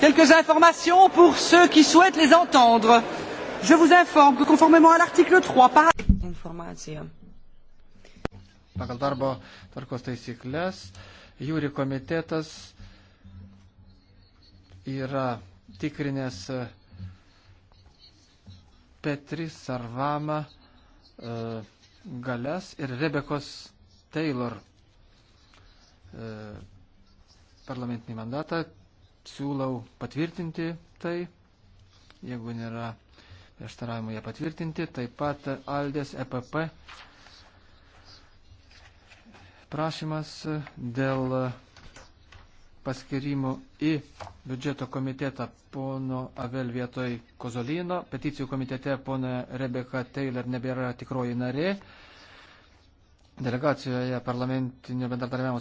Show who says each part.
Speaker 1: Quelques informations pour ceux qui souhaitent les entendre.
Speaker 2: Je vous informe que conformément à l'article 3, par... Informacija.
Speaker 3: Pagal darbo tvarkos taisyklės, jūri komitetas yra tikrinęs e, Petri Sarvama e, galės ir Rebekos Taylor e, parlamentinį mandatą siūlau patvirtinti tai, jeigu nėra prieštaravimų ją patvirtinti. Taip pat Aldės EPP prašymas dėl paskirimų į biudžeto komitetą pono Avel vietoj Kozolino. Peticijų komitete pona Rebeka Taylor nebėra tikroji narė. Delegacijoje parlamentinio bendradarbiavimo